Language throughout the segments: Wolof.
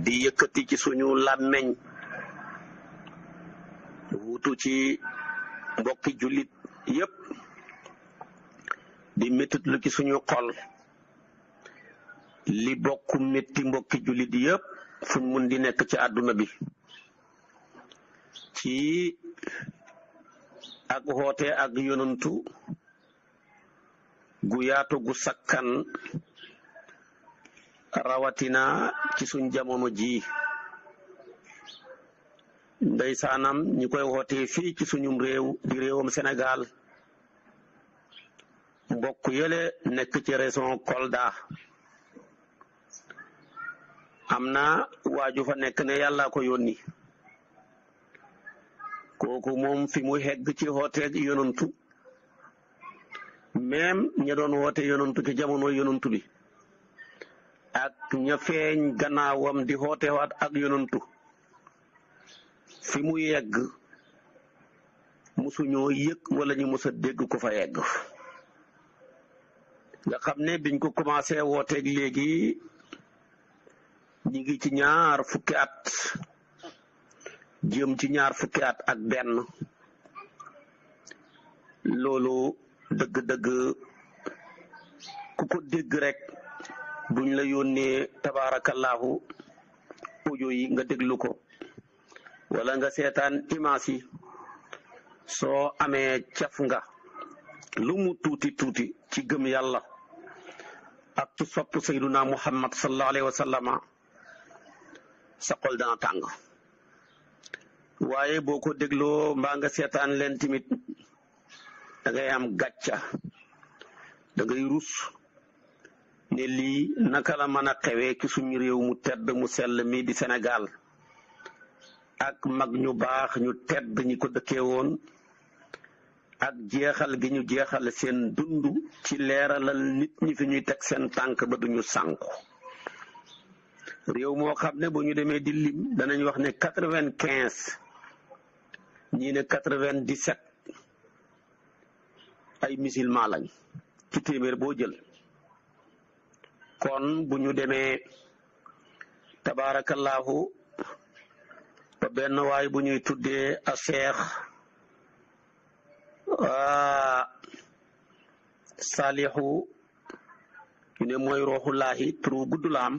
di yëkkati ci suñu làmmeñ wutu ci mbokki jullit yépp di méttit ci suñu xol li bokk métti mbokki jullit yépp fuñ mun di nekk ci àdduna bi ci ak xoote ak yonantu gu yaatu gu sakkan rawatina ci suñ jamono jii ndeysaanam ñi koy wootee fii ci suñum réew di réewam Sénégal mbokk yële nekk ci région Kolda am na waaju fa nekk ne yàlla ko yónni kooku moom fi mu hegg ci wooteeg yonantu même ña doon woote yonantu ci jamono yonantu bi ak ña feeñ gannaawam di xootewaat ak yonantu fi mu yegg musuñoo yëg wala ñu mës a dégg ko fa yegg nga xam ne biñ ko commencé wooteeg léegi ñi ngi ci ñaar fukki at jëm ci ñaar fukki at ak benn loolu dëgg-dëgg ku ko dégg rek bu ñu la yónnee tabaarakallaahu audio yi nga déglu ko wala nga seetaan image yi soo amee caf nga lu mu tuuti tuuti ci gëm yàlla ak tu sopp sayduna muhammad sallallahu alayhi wa sallama sa xol dana tàng waaye boo ko dégloo mbaa nga seetaan leen tamit da am gàcca da rus ne lii naka la mën a xewee ki suñu réew mu tedd mu sell mii di Sénégal ak mag ñu baax ñu tedd ñi ko dëkkee woon ak jeexal gi ñu jeexal seen dund ci leeralal nit ñi fi ñuy teg seen tànk ba duñu sànku réew moo xam ne bu ñu demee di lim danañ wax ne quatre-vingt-quinze ñii ne quatre-vingt-dix-sept ay musulman lañ ci téeméer boo jël kon bu ñu demee tabaarakallaahu ba benn waay bu ñuy tuddee a seex waa ah, saalixu ñu ne mooy rooxulaahi turu gudd la am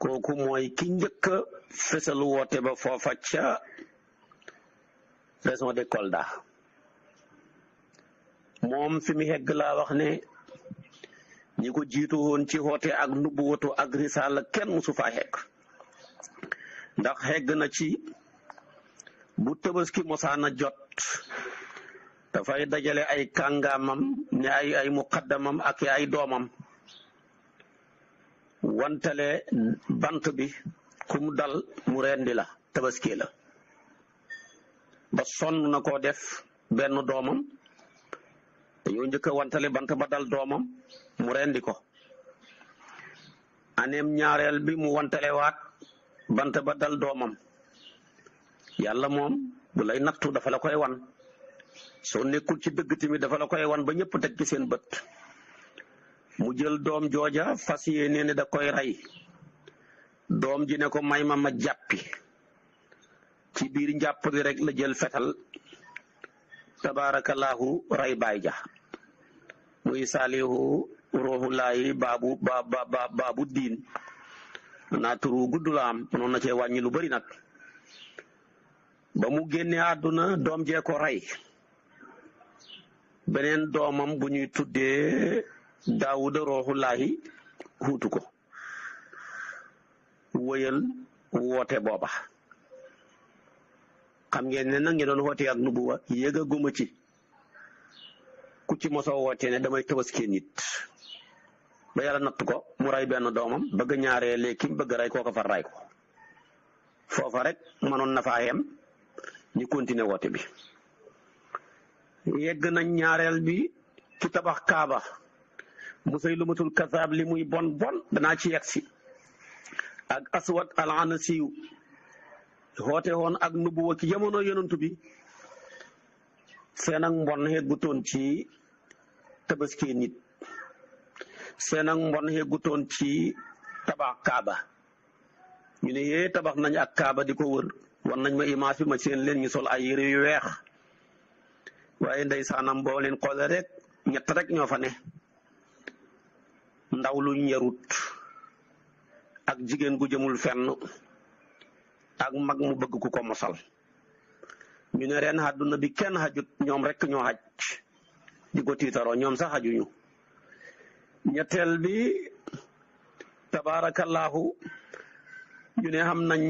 kooku ki njëkk a fësal woote ba foofa ca région de Kolda moom fi mu hegg laa wax ne ñi ko jiitu woon ci xoote ak nubuwatu ak risaala kenn musu faa xegg ndax xegg na ci bu tabaski mosaana jot dafay dajale ay kàngaamam ne ay ay ak ay doomam wantale bant bi ku mu dal mu rendi la tabaski la ba sonn na koo def benn doomam dañoo njëkk wantale bant ba dal doomam mu rendi ko aneem ñaareel bi mu wantalewaat bant ba dal doomam yàlla moom bu lay nattu dafa la koy wan soo nekkul ci dëgg tamit dafa la koy wan ba ñëpp teg ci seen bët mu jël doom jooja fas yéene ne da koy rey doom ji ne ko may ma ma jàppi ci biir njàpp gi rek la jël fetal tabaarakallaahu rey baay ja muy saalihu ruuxulaayi baabu ba ba baabu diin naa turu gudd la am noonu na cee wàññi lu bari nag ba mu génnee àdduna doom jee ko rey beneen doomam bu ñuy tuddee daawuda ruuxulaayi xuutu ko wëyal woote booba xam ngeen ne nag ngeen doon woote ak nubuwa ci ku ci mosoo woote ne damay tabaskee nit ba yàlla natt ko mu rey benn doomam bëgg ñaaree léegi ki mu bëgg rey koo ko far rey ko foofa rek manoon na ñu continuer wote bi yegg nañ ñaareel bi ki tabax kaaba musaylimatul kasaab li muy bon bon danaa ci yegg si ak aswad alaan siiw xoote woon ak nubuwa ci jamono yonantu bi seen ak mbon xeet bu toon ci tabaski nit seen ak mbon yeggutoon ci tabax kaaba ñu ne yee tabax nañ ak kaaba di ko wër wan nañ ma image bi ma seen leen ñi sol ay yére yu weex waaye ndeysaanam boo leen xoolee rek ñett rek ñoo fa ne ndaw lu ñarut ak jigéen gu jëmul fenn ak mag mu bëgg ku ko mosal ñu ne ren àdduna bi kenn xajut ñoom rek ñoo xaj di ko tiitaroo ñoom sax xajuñu ñetteel bi tabaarakallaahu ñu ne xam nañ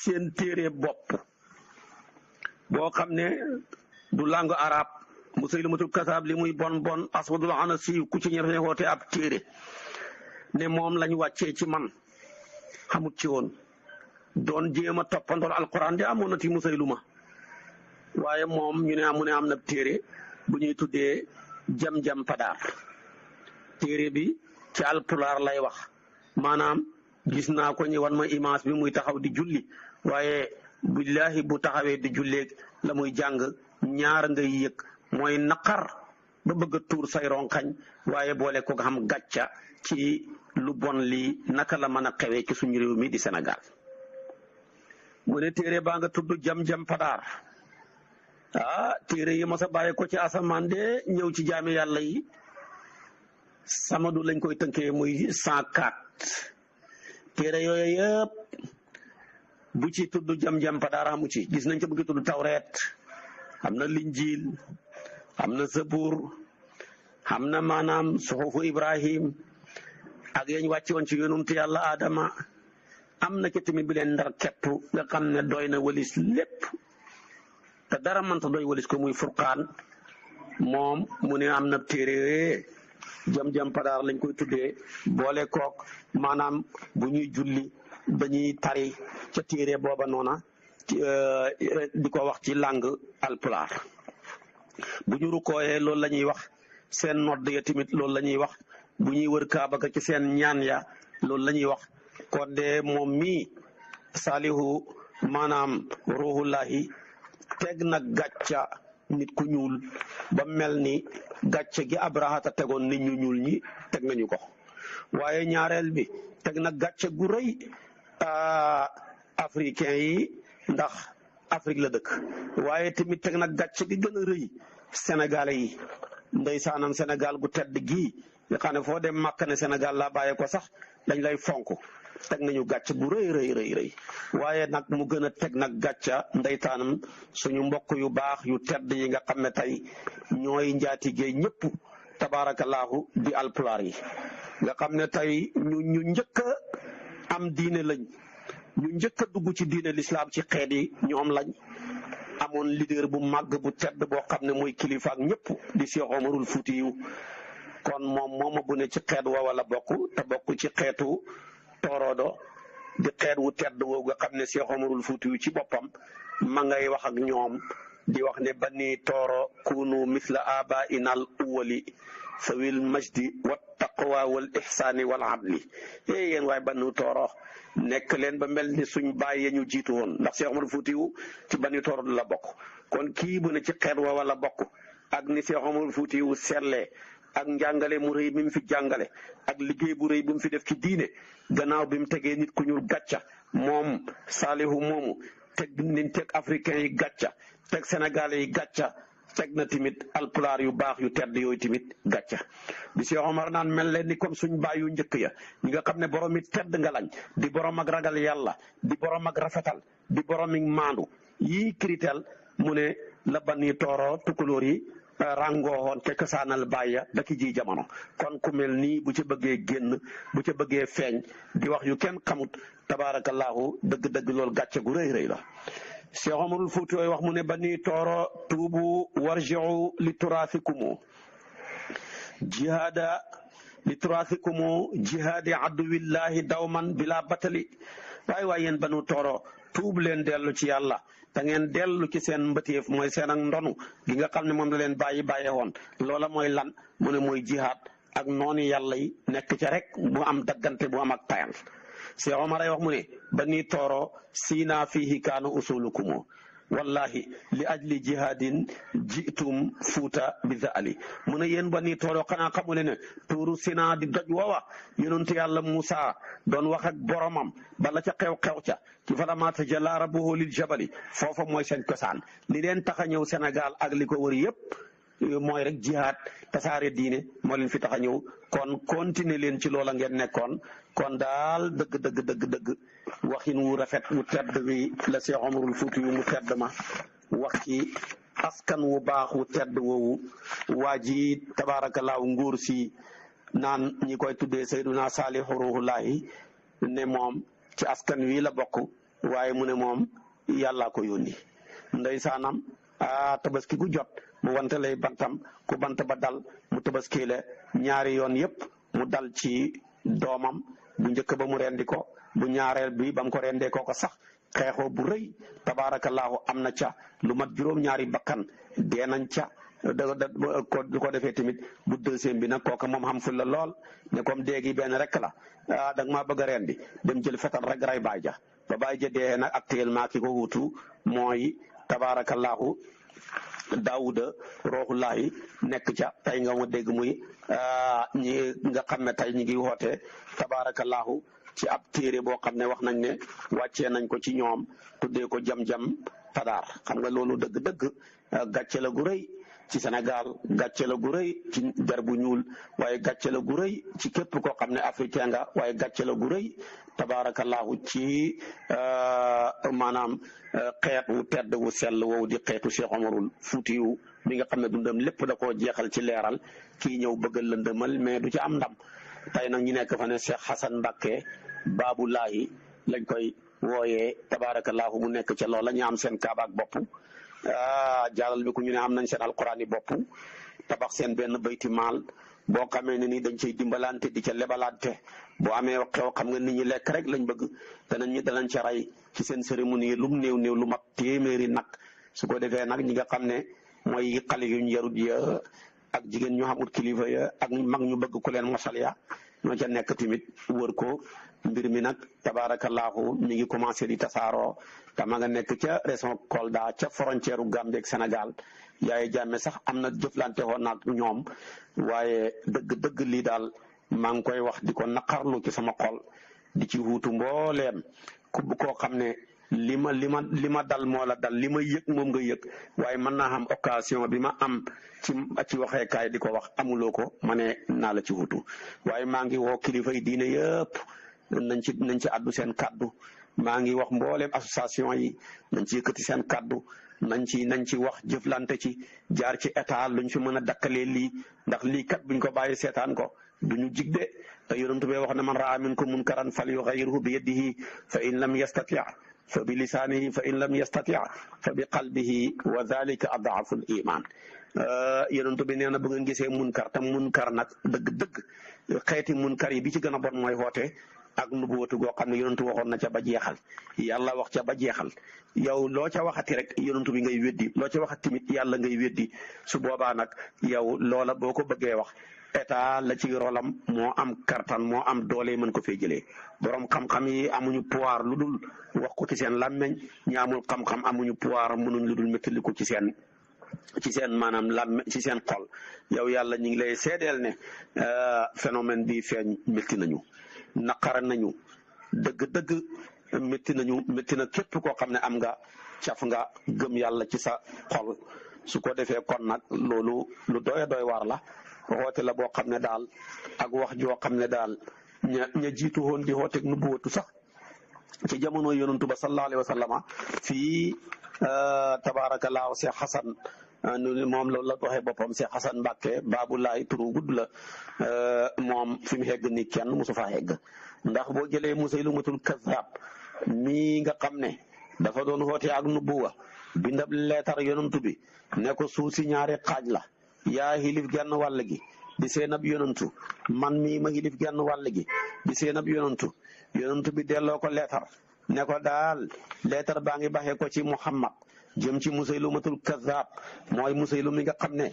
seen téere bopp boo xam ne du langue arabe musaylimatul kasaab li muy bon bon aswadul anasi ku ci ñefe woote ab téere ne moom lañ wàccee ci man xamut ci woon doon jéem a toppandool alquran di amoon na ti musaylima waaye moom ñu ne amu ne am na téere bu ñuy tuddee jam-jam padaar téere bi ci alpulaar lay wax maanaam gis naa ko ñu wan ma image bi muy taxaw di julli waaye billahi bu taxawee di julleeg la muy jàng ñaar nga yëg mooy naqar ba bëgg tuur say ronkañ waaye boole ko nga xam gàcca ci lu bon lii naka la mën a xewee ci suñu réew mi di senegal mu ne téere baa nga tudd jam-jam padaar ah téere yi masa bàyyi ko ci asamaan de ñëw ci jaami yàlla yi sama samadu lañ koy tënkee muy cent quatre téere yooyu yëpp bu ci tudd jam-jam pa daara amu ci gis nañ ca bu ci tudd am na linjiil am na zabur am na maanaam suxufu ibrahim ak yañ wàcce woon ci yonum te yàlla aadama am na ca tamit bi leen ndar kepp nga xam ne doy na walis lépp te dara mënta doy walis ko muy furqaan mom mu ne am na téere jam-jam padaar lañ koy tuddee boole kook maanaam bu ñuy julli ba dañuy tari ca téere booba noona euh, di ko wax ci langue alpulaar bu ñu rukkooyee loolu la ñuy wax seen nodd ya tamit loolu la ñuy wax bu ñuy wër kaaba ga ci seen ñaan ya loolu la ñuy wax kon de moom mii saalihu maanaam ruhullahi teg na gàcca nit ku ñuul ba mel ni gàcce gi abrahata tegoon nit ñu ñuul ñi teg nañu ko waaye ñaareel bi teg na gàcce gu rëy ah, africain yi ndax Afrique la dëkk waaye tamit teg na gàcce gi gën a rëy sénégalais yi ndeysaanam Sénégal gu tedd gii nga xam dem màkk ne Sénégal laa bàyyee ko sax dañ lay fonk teg nañu gàcc bu rëy rëy rëy rëy waaye nag mu gën a teg nag gàcca ndeytaanam suñu mbokk yu baax yu tedd yi nga xam ne tey ñooy njaatigee ñëpp tabaarakallaahu di alpulaar yi nga xam ne tey ñu ñu njëkk a am diine lañ ñu njëkk a dugg ci diine lislaam ci xeet yi ñoom lañ amoon leader bu màgg bu tedd boo xam ne mooy kilifa ak ñëpp di Cheikh Omarul Fuutiyu kon moom mooma gune ci xeet wa la bokk te bokk ci xeetu tooroodo di xeet wu tedd woowu xam ne Cheikh Omarul Fuutiyu ci boppam ma ngay wax ak ñoom di wax ne bani tooro kunu misla abaina al awwali sawil majdi wa taqwa wal ihsaani wal adli eh yéen waay banu tooro nekk leen ba mel ni suñ bàyyi ñu jiitu woon ndax Cheikh Omarul Fuutiyu ci bani tooro la bokk kon kii bu ne ci xeet woowa la bokk ak ni Cheikh Omarul Fuutiyu sellee ak njàngale mu rëy mi mu fi jàngale ak liggéey bu rëy bu mu fi def ci diine gannaaw bi mu tegee nit ku ñuul gàcca moom saalihu moomu teg nañ teg africain yi gàcca teg sénégalais yi gàcca teg na tamit alpulaar yu baax yu tedd yooyu tamit gàcca bi Cheikh Omar naan mel leen ni comme suñ baay yu njëkk ya ñi nga xam ne borom it tedd nga lañ di borom mag ragal yàlla di borom mag rafetal di borom ak maandu yii critère mu ne la ban yi yi ràngoowoon ca kasaanal bàyya da ki ji jamono kon ku mel nii bu ca bëggee génn bu ca bëggee feeñ di wax yu kenn xamut tabaarakallaahu dëgg-dëgg loolu gàcce gu rëy rëy la Cheikh Omarul Fuuti wax mu ne ba nii tooro tuubu warjiu li turaasikumu jihaada li turaasikumu jihaadi aduwillahi dawman bila batali waaye waaye yéen banu tooroo tuub leen dellu ci yàlla da ngeen dellu ci seen mbëteef mooy seen ak ndonu gi nga xam ne moom la leen bàyyi bàyyee woon loola mooy lan mu ne mooy jihaad ak noonu yàlla yi nekk ca rek bu am daggante bu am ak tayal Cheikh Omar ay wax mu ne bani tooroo siinaa fiihi kaana usulukumoo wallahi li ajli jihadin jitum fuuta bi zaali mu ne yéen ba nii tooro xanaa xamule ne tuuru sina di doj woowa yonentu yàlla Musa doon wax ak boromam bala ca xew-xew ca ci falammaa tajallaa rabbuhu lil jabali foofa mooy seen cosaan li leen tax a ñëw Sénégal ak li ko wër yëpp mooy rek jihaad tasaare diine moo leen fi tax a ñëw kon continuer leen ci loola ngeen nekkoon kon daal dëgg dëgg dëgg waxin wu rafet wu tedd wi la Seex Omarul Fuuti yu mu tedd ma wax ci askan wu baax wu tedd woowu waa ji tabaarakallaahu nguur si naan ñi koy tuddee Seydunaa Saalihu Ruuhullaahi ne moom ci askan wi la bokk waaye mu ne moom yàllaa ko yónni ndeysaanam a tabaski gu jot mu wante lay bantam ku bant ba dal mu tabaski la ñaari yoon yëpp mu dal ci doomam bu njëkk ba mu rendi ko bu ñaareel bi ba mu ko rendee kooko sax xeexo bu rëy tabaarakallaahu am na ca lu mat juróom-ñaari bakkan dee nañ ca da da ko du ko defee tamit bu deuxième bi nag kooka moom xam ful la lool ne comme déegi benn rek la ah da nga maa bëgg a rendi dem jël fetal rek ray baay ja ba baay ja dee nag actuellement ki ko wutu mooy tabaarakallaahu daawuda rooxulaayi nekk ca tey nga ma dégg muy euh, ñi nga xam ne tey ñu ngi woote tabaarakallaahu ci ab téere boo xam ne wax nañ ne wàccee nañ ko ci ñoom tuddee ko jam-jam padaar xam nga loolu dëgg-dëgg euh, gàcce la gu rëy ci senegal gàccee la gu rëy ci der bu ñuul waaye gàcce la gu rëy ci képp koo xam ne africain nga waaye gàccee la gu rëy tabaarakallaahu ci euh, maanaam euh, xeet wu tedd wu sell wow di xeetu Cheikh Omarul Fuutiyu bi nga xam ne dundam lépp da koo jeexal ci leeral kii ñëw bëggal lëndëmal mais du ci am ndam tey nag ñi nekk fa ne Cheikh Xasan Mbàkke Baabulaahi lañ koy wooyee tabaarakallaahu mu nekk ca loola ñu am seen kaabaak bopp ah jaaral bi ku ñu ne am nañ seen alquran yi bopp tabax seen benn bayti maal boo xamee ne ni dañ cay dimbalante di ca lebalante boo amee xew xam nga nit ñu lekk rek lañ bëgg danañ ñu danañ ca rey ci seen cérémonie lum néew néew lu mat téeméeri nag su ko defee nag ñi nga xam ne mooy xale yuñ yarut ya ak jigéen ñu ut kilifa ya ak mag ñu bëgg ku leen mosal ya ñoo ca nekk tamit wër ko mbir mi nag tabaarakallaahu mi ngi commencé di tasaaroo te ma nga nekk ca région Kolda ca frontière u Gambie ak Sénégal yaay jàmme sax am na jëflante woon na ñoom waaye dëgg-dëgg lii daal maa ngi koy wax di ko naqarlu ci sama xol di ci wuutu mbooleem ku koo xam ne li ma li ma li ma dal moo dal li ma yëg moom nga yëg waaye mën naa am occasion bi ma am ci ci waxeekaay di ko wax amuloo ko ma ne naa la ci wutu waaye maa ngi kilifa yi diine yëpp nañ ci nañ ci addu seen kàddu maa ngi wax mbooleem association yi nañ ci yëkkati seen kàddu nañ ci nañ ci wax jëflante ci jaar ci état luñ fi mën a dakkalee lii ndax lii kat buñ ko bàyyi seetaan ko duñu jig de te yonent bi wax na man raa minkum munkaran falyughayyirhu bi yadihi fa in lam yastati fa bi lisaanihi fa in lam yastati fa bi qalbihi wa dhalika adaafu l iman euh, yonent bi nee na bu ngeen gisee munkar te munkar nag dëgg-dëgg xeeti munkar yi bi ci gën a bon mooy woote ak nubuwatu goo xam ne yonentu waxoon na ca ba jeexal yàlla wax ca ba jeexal yow loo ca waxati rek yonentu bi ngay weddi loo ca waxat tamit yàlla ngay weddi su boobaa nag yow loola boo ko bëggee wax état la ci rolam moo am kartan moo am doole mën ko fee jëlee boroom xam-xam yi amuñu pouvoir lu dul wax ko ci seen làmmeñ ñi amul xam-xam amuñu pouvoir mënuñ lu dul méttali ci seen ci seen maanaam làmme ci seen xol yow yàlla ñu ngi lay seedeel ne euh, phénomène bi feeñ métti nañu naqara nañu dëgg-dëgg métti nañu métti na képp koo xam ne am nga caf nga gëm yàlla ci sa xol su ko defee kon nag loolu lu doy doy waar la xoote la boo xam ne daal ak wax joo xam ne daal ña ña jiitu woon di nu buwatu sax ci jamono yonantu ba sallallahu alayhi wa sallama fii euh, tabaarakallahu Seex Xasan Ah, nu moom loolu la ko waxee boppam Cheikh Xasan Mbàkke baabu laay turu gudd la eh, moom fi mu xegg ni kenn mosu ndax boo jëlee Musaylimatul Kazaab mii nga xam ne dafa doon xoote ak nubuwa bindab leetar yonantu bi ne ko suuf si ñaari xaaj la yaa xilif genn wàll gi di seen ab yonantu man mii ma xilif genn wàll gi di seen ab yonantu bi delloo ko leetar ne ko daal leetar baa ngi baxee ko ci Muhammad jëm ci musaylumatul kazaab mooy musaylu mi nga xam ne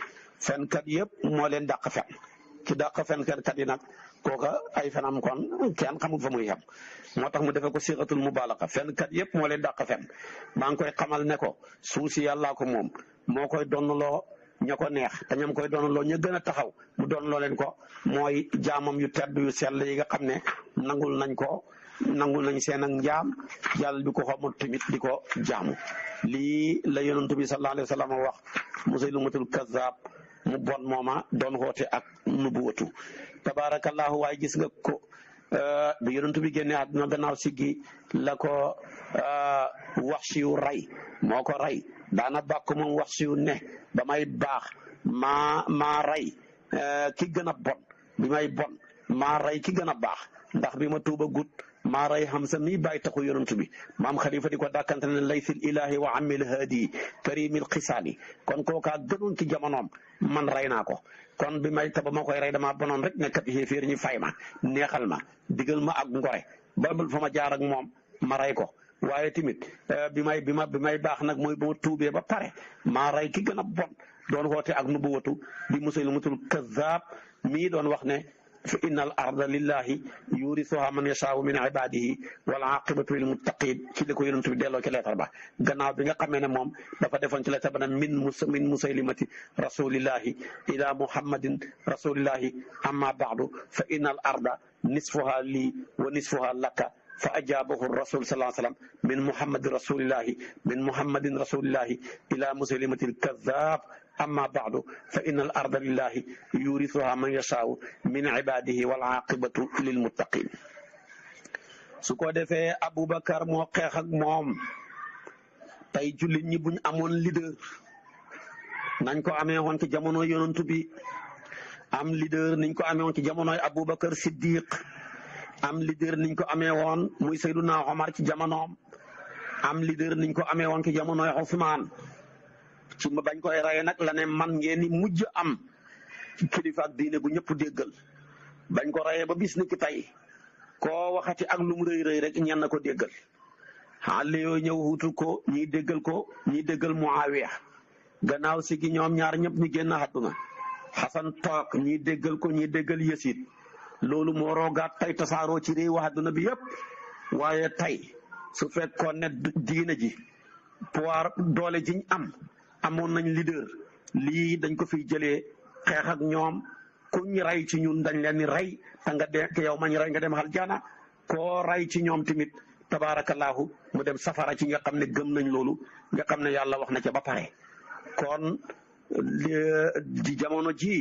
fenkat yëpp moo leen dàq fen ci dàq fenkat kat yi nag kooka ay fenam kon kenn xamul fa muy yem moo tax mu defe ko sixatul mubaalaga fenkat yëpp moo leen dàq fen maa ngi koy xamal ne ko suuf si yàllaa ko moom moo koy donnaloo ña ko neex te ñam koy doon loo ña gën a taxaw mu doon loo leen ko mooy jaamam yu tedd yu sell yi nga xam ne nangul nañ ko nangu nañ seen ak njaam yàlla di ko xamul di ko jaamu lii la yonent bi sallallahu alayhi wa sallam wax musaylimatul kazzab mu bon mooma doon xoote ak nubuwatu tabarakallahu waaye gis nga ko euh, bi yonent bi génne àdduna gannaaw siggi la ko euh, wax siyu rey moo ko rey daana bàkk moom wax siyu ne ba may baax maa maa rey euh, ki gën a bon bi may bon maa rey ki gën a baax ndax bi ma tuuba gut maa ray Hamza mi bàyyi taxu yonantu bi maam xalifa di ko dàkkante ne laysil ilahi wa amil haadi karimil xisaali kon kookaa gënoon ci jamonoom man rey naa ko kon bi may ta ba ma koy rey damaa bonoon rek nekkat xéeféer ñi fay ma neexal ma digal ma ak ngore babul fa ma jaar ak moom ma rey ko waaye tamit euh, bi may bi ma bi may baax nag mooy boo ma tuubee ba pare maa rey ki gën a bon doon woote ak nubuwatu bi musul mutul kazaab mii doon wax ne fa inna al arda lillahi yurisuha man yashaau min ibadihi wal aqibatu lil muttaqin ci li ko yonent bi delloo ci leetar ba gannaaw bi nga xamee ne moom dafa defoon ci leetar ba nag min mus min musaylimati rasulillahi ila muhammadin rasulillahi amma baadu fa inna al arda nisfuha lii wa nisfuha laka fa ajaabahu rasul sallallahu alayhi wa sallam min muhammadi rasulillahi min muhammadin rasulillahi ila musalimatil kazzab amma baadu fa inna al arda man yashaau min ibadihi wal aqibatu lil muttaqin su ko defee Aboubacar moo xeex ak moom tey jullit ñi buñ amoon leader nañ ko amee woon ci jamono yonantu bi am leader niñ ko amee woon ci jamonoy Aboubacar Siddiq am leader niñ ko amee woon muy Seyduna Omar ci jamonoom am leader niñ ko amee woon ci jamonoy Ousmane ci ma bañ koy rey nag la man ngeen ni mujj am kilifa ak diine bu ñëpp déggal bañ ko reyee ba bis ni ki tey koo waxati ak lu mu rëy rëy rek ñenn ko déggal xale yooyu ñëw wutul ko ñiy déggal ko ñiy déggal Muawiya gannaaw si gi ñoom ñaar ñëpp ñu génn àdduna Xasan toog ñiy déggal ko ñiy déggal Yasid loolu moo roogaat tey tasaaroo ci réew wax adduna bi yépp waaye tey su fekkoon ne diina ji pouvoir doole jiñ am amoon nañ leader lii dañ ko fi jële xeex ak ñoom kuñ ray ci ñun dañ leen ni rey te nga de te yow mañ rey nga dem aljana koo rey ci ñoom tamit tabaarakallaahu mu dem safara ci nga xam ne gëm nañ loolu nga xam ne yàlla wax na ca ba pare kon di jamono ji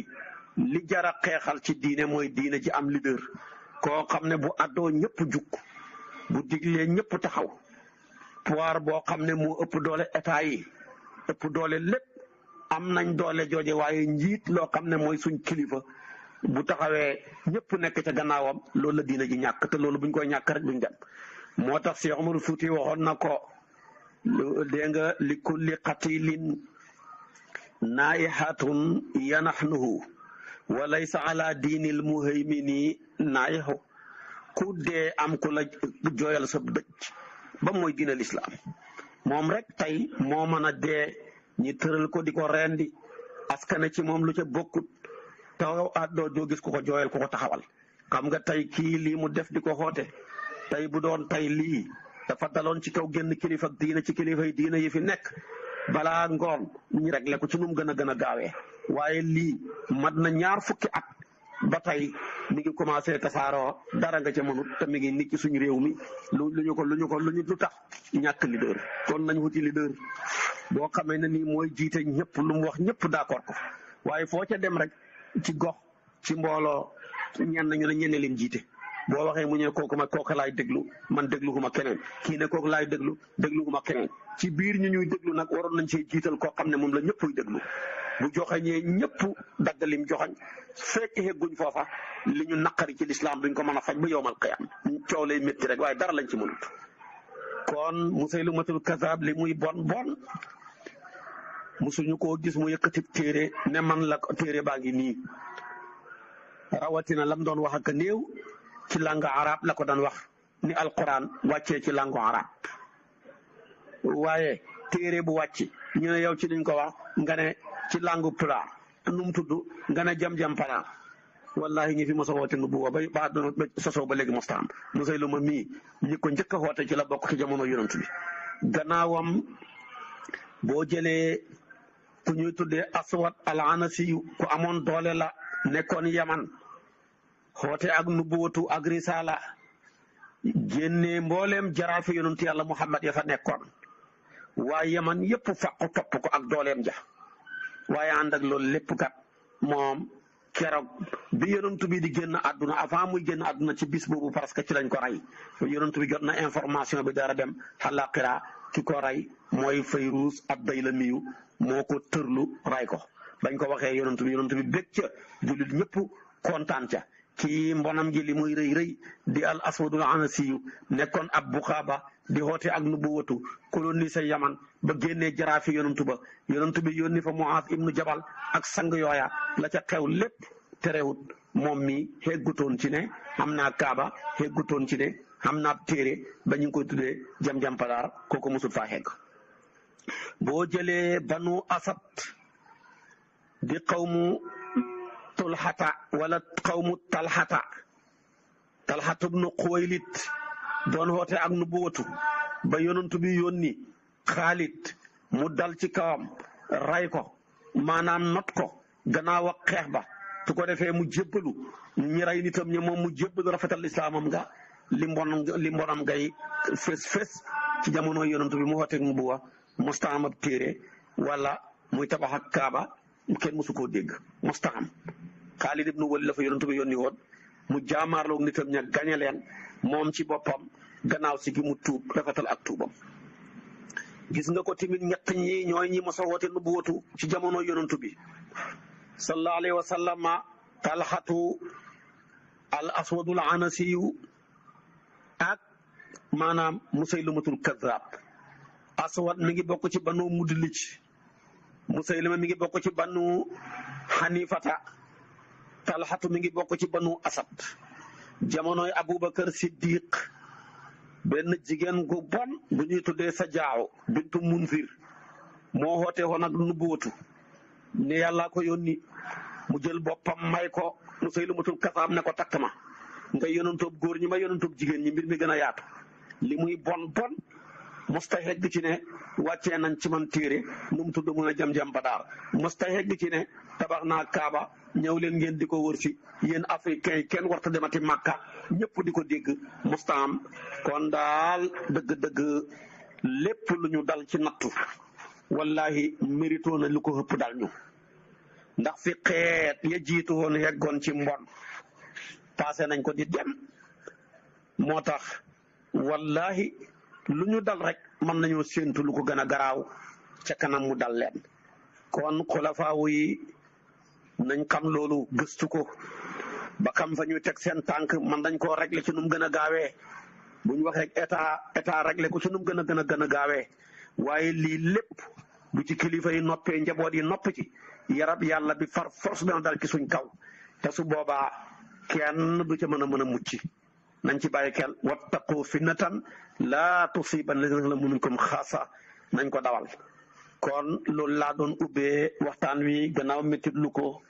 li jar a xeexal ci diine mooy diine ci am leader koo xam ne bu àddoo ñëpp jukk bu diglee ñëpp taxaw pouvoir boo xam ne moo ëpp doole état yi ëpp doole lépp am nañ doole jooje waaye njiit loo xam ne mooy suñ kilifa bu taxawee ñëpp nekk ca gannaawam loolu la diine ji ñàkk te loolu buñ koy ñàkk rek duñ dem moo tax Seex Umar Fuuti waxoon na ko dégg nga li kulli qatilin yanax yanaxnuhu walaysa ala diinil muhaymini naayixu ku dee am ku la jooyal sa dëj ba mooy diina lislaam moom rek tey moo mën a dee ñi tëral ko di ko rendi askane ci moom lu ca bokkut taw doo doo gis ku ko jooyal ku ko taxawal xam nga tey kii lii mu def di ko xoote tey bu doon tey lii dafa daloon ci kaw gën kilifa diina ci kilifay diina yi fi nekk balaa ngoon ñu réglé ko ci nu mu gën a gën a gaawee waaye lii mat na ñaar fukki at ba tey mi ngi commencé tasaaroo dara nga ca mënut ta mi ngi nit ci suñu réew mi lu lu ñu ko lu ñu ko lu ñu lu tax ñàkk leader kon nañ wuti leader boo xamee ne nii mooy jiite ñëpp lu mu wax ñëpp d'accord ko waaye foo ca dem rek ci gox ci mbooloo ñenn ñu ne ñene leen jiite boo waxee mu ñëw kooku ma kooku laay déglu man déglu ko ma keneen kii ne kooku laay déglu déglu ko ma keneen ci biir ñu ñuy déglu nag waroon nañ see jiital koo xam ne moom la ñëpp déglu bu joxañee ñëpp dagg lim joxañ fekk yegguñ foofa li ñu naqari ci lislaam duñ ko mën a faj ba yowmal qiyaam coow lay métti rek waaye dara lañ ci mënut kon Musaylimatul Kazaab li muy bon bon musuñu koo gis mu yëkkati téere ne man la téere baa ngi nii rawatina lam doon wax ak néew ci langue arab la ko daan wax ni alquran wàccee ci langue arab waaye téere bu wàcc ñu ne yow ci liñ ko wax nga ne ci langue pulaar nu mu tudd nga ne jam-jam palaar wallahi ñi fi mos a woote nu buwa ba ba doon ba sosoo ba léegi mosta am Musaylima mii ñi ko njëkk woote ci la bokk ci jamono yonent bi gannaawam boo jëlee ku ñuy tuddee aswat al anasi ku amoon doole la nekkoon yaman xoote ak nubuwatu ak risala génnee mbooleem jaraafe yonent yàlla muhammad ya fa nekkoon waaye yaman yépp fàqu topp ko ak dooleem ja waaye ànd ak loolu lépp kat moom keroog bi yonent bi di génn àdduna avant muy génn àdduna ci bis boobu parce que ci lañ ko rey yonent bi jot na information bi dara dem xalaqira ki ko ray mooy fay Fayruz ad-Daylamiyu moo ko tërlu rey ko bañ ko waxee yonent bi yonent bi bég ca jullit ñëpp kontaan ca ci mbonam ji li muy rëy rëy di al aswadul anasiyu nekkoon ab buxaaba di xoote ak nu nubuwatu colonise yaman ba génnee jaraafi yonantu tuba yonantu bi yónni fa Muaaz ibnu Jabal ak sang yooya la ca xew lépp terewut moom mi xeggutoon ci ne am naa kaaba xeggutoon ci ne am na téere ba ñu koy tuddee jam-jam palaar kooku musul faa xegg boo jëlee banu asat di xawmu tulxata wala xawmu talxata talxata bnu xuwaylit doon woote ak nu buwatu ba yonantu bi yónni xaalit mu dal ci kawam ray ko maanaam not ko gannaaw xeex ba su ko defee mu jébbalu ñi ray nitam moom mu jébbalu rafetal islaamam nga li mbon li mbonam ngay fés fés ci jamono yonantu bi mu wooteeg mu buwa mustaam ab téere wala muy tabax ak kaaba kenn mësu koo dégg mustaam Xaalid ibnu Waliid la fa yonent bi yónni woon mu jaamaarloog nitam ña gañe leen moom ci boppam gannaaw si mu tuub rafetal ak tuubam. gis nga ko tamit ñett ñi ñooy ñi mos a woote nu bu wootu ci jamono yonent bi sallallahu alayhi wa sallam talxatu al aswadul anasiyu ak maanaam musaylimatul kazaab aswad mi ngi bokk ci banu mudlij musaylima mi ngi bokk ci banu xanifata talxatu mi ngi bokk ci banu asab jamonoy abubakar siddiq benn jigéen gu bon bu ñuy tuddee sa jaaw mun fiir moo xoote woon ak nubuwatu ne yàllaa ko yónni mu jël boppam may ko mu sëy lu matul kasaam ne ko takk nga nga yonantoob góor ñi ma yonantoob jigéen ñi mbir mi gën a yaatu li muy bon bon mustaxeeg bi ci ne wàccee nañ ci man téere nu mu tudd mun a jam-jam ba daar mustaxeeg ci ne tabax naa kaaba ñëw leen ngeen di ko wër si yéen africain yi kenn warta demati màkka ñëpp di ko dégg mustaam kon daal dëgg-dëgg lépp lu ñu dal ci nattu wallahi mérito na lu ko ëpp dal ñu ndax fi xeet ya jiitu woon yeggoon ci mbon passé nañ ko di dem moo tax wallahi lu ñu dal rek mën nañu séentu lu ko gën a garaaw ca nam mu dal leen kon xulafaawu yi nañ xam loolu gëstu ko ba xam fa ñu teg seen tànk man dañ ko régler ci nu mu gën a gaawee bu ñu waxee état état régler ko ci nu mu gën a gën a gën gaawee waaye lii lépp bu ci kilifa yi noppee njaboot yi nopp ci yarab yàlla bi far force dana dal ci suñ kaw te su boobaa kenn du ca mën a mën a mucc nañ ci bàyyi xel wattaqu fitnatan laa tusiban lazina minkum xaasa nañ ko dawal kon loolu laa doon ubbee waxtaan wi gannaaw métit lu ko